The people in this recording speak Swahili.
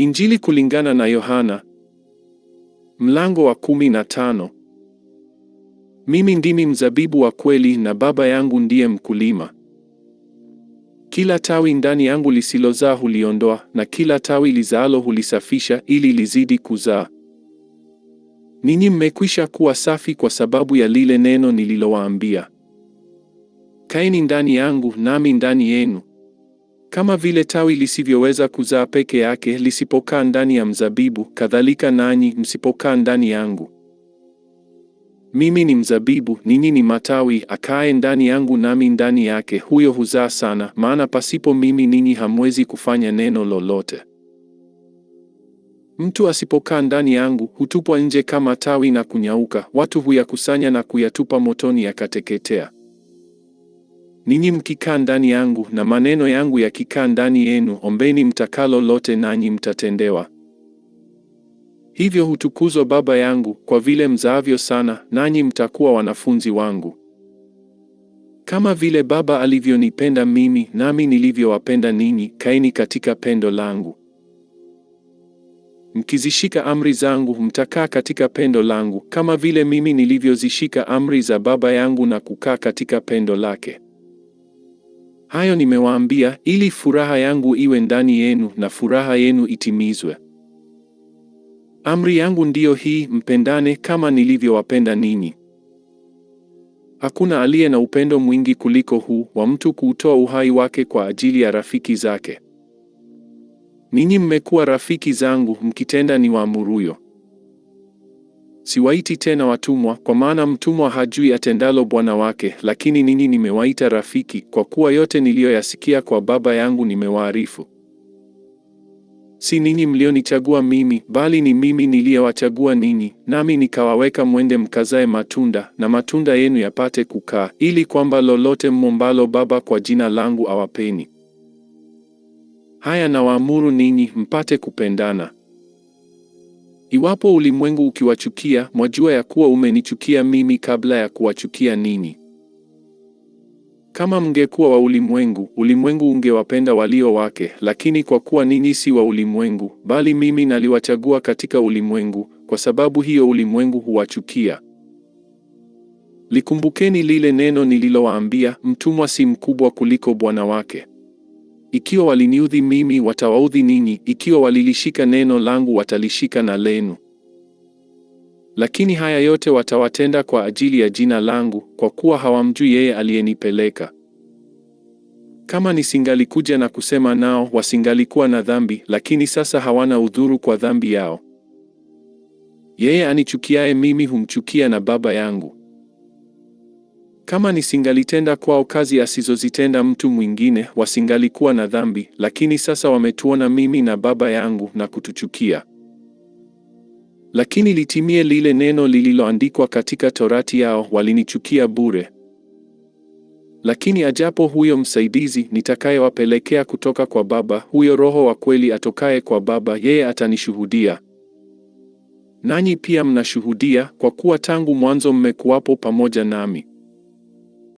Injili kulingana na Yohana mlango wa kumi na tano. Mimi ndimi mzabibu wa kweli na Baba yangu ndiye mkulima. Kila tawi ndani yangu lisilozaa huliondoa, na kila tawi lizaalo hulisafisha ili lizidi kuzaa. Ninyi mmekwisha kuwa safi kwa sababu ya lile neno nililowaambia. Kaeni ndani yangu nami ndani yenu. Kama vile tawi lisivyoweza kuzaa peke yake lisipokaa ndani ya mzabibu, kadhalika nanyi msipokaa ndani yangu. Mimi ni mzabibu, ninyi ni matawi; akae ndani yangu nami ndani yake, huyo huzaa sana, maana pasipo mimi ninyi hamwezi kufanya neno lolote. Mtu asipokaa ndani yangu hutupwa nje kama tawi na kunyauka; watu huyakusanya na kuyatupa motoni, yakateketea. Ninyi mkikaa ndani yangu na maneno yangu yakikaa ndani yenu, ombeni mtakalo lote, nanyi mtatendewa. Hivyo hutukuzwa Baba yangu kwa vile mzaavyo sana, nanyi mtakuwa wanafunzi wangu. Kama vile Baba alivyonipenda mimi, nami nilivyowapenda ninyi, kaeni katika pendo langu. Mkizishika amri zangu, mtakaa katika pendo langu, kama vile mimi nilivyozishika amri za Baba yangu na kukaa katika pendo lake. Hayo nimewaambia ili furaha yangu iwe ndani yenu na furaha yenu itimizwe. Amri yangu ndiyo hii, mpendane kama nilivyowapenda ninyi. Hakuna aliye na upendo mwingi kuliko huu wa mtu kuutoa uhai wake kwa ajili ya rafiki zake. Ninyi mmekuwa rafiki zangu mkitenda niwaamuruyo. Siwaiti tena watumwa, kwa maana mtumwa hajui atendalo bwana wake, lakini ninyi nimewaita rafiki, kwa kuwa yote niliyoyasikia kwa Baba yangu nimewaarifu. Si ninyi mlionichagua mimi, bali ni mimi niliyewachagua ninyi, nami nikawaweka mwende mkazae matunda, na matunda yenu yapate kukaa, ili kwamba lolote mmombalo Baba kwa jina langu awapeni. Haya nawaamuru ninyi, mpate kupendana. Iwapo ulimwengu ukiwachukia, mwajua ya kuwa umenichukia mimi kabla ya kuwachukia ninyi. Kama mngekuwa wa ulimwengu, ulimwengu ungewapenda walio wake, lakini kwa kuwa ninyi si wa ulimwengu, bali mimi naliwachagua katika ulimwengu, kwa sababu hiyo ulimwengu huwachukia. Likumbukeni lile neno nililowaambia, mtumwa si mkubwa kuliko bwana wake. Ikiwa waliniudhi mimi, watawaudhi ninyi; ikiwa walilishika neno langu, watalishika na lenu. Lakini haya yote watawatenda kwa ajili ya jina langu, kwa kuwa hawamjui yeye aliyenipeleka. Kama nisingalikuja na kusema nao, wasingalikuwa na dhambi, lakini sasa hawana udhuru kwa dhambi yao. Yeye anichukiaye mimi humchukia na Baba yangu. Kama nisingalitenda kwao kazi asizozitenda mtu mwingine, wasingalikuwa na dhambi, lakini sasa wametuona mimi na Baba yangu na kutuchukia. Lakini litimie lile neno lililoandikwa katika Torati yao, walinichukia bure. Lakini ajapo huyo msaidizi nitakayewapelekea kutoka kwa Baba, huyo Roho wa kweli atokaye kwa Baba, yeye atanishuhudia. Nanyi pia mnashuhudia, kwa kuwa tangu mwanzo mmekuwapo pamoja nami.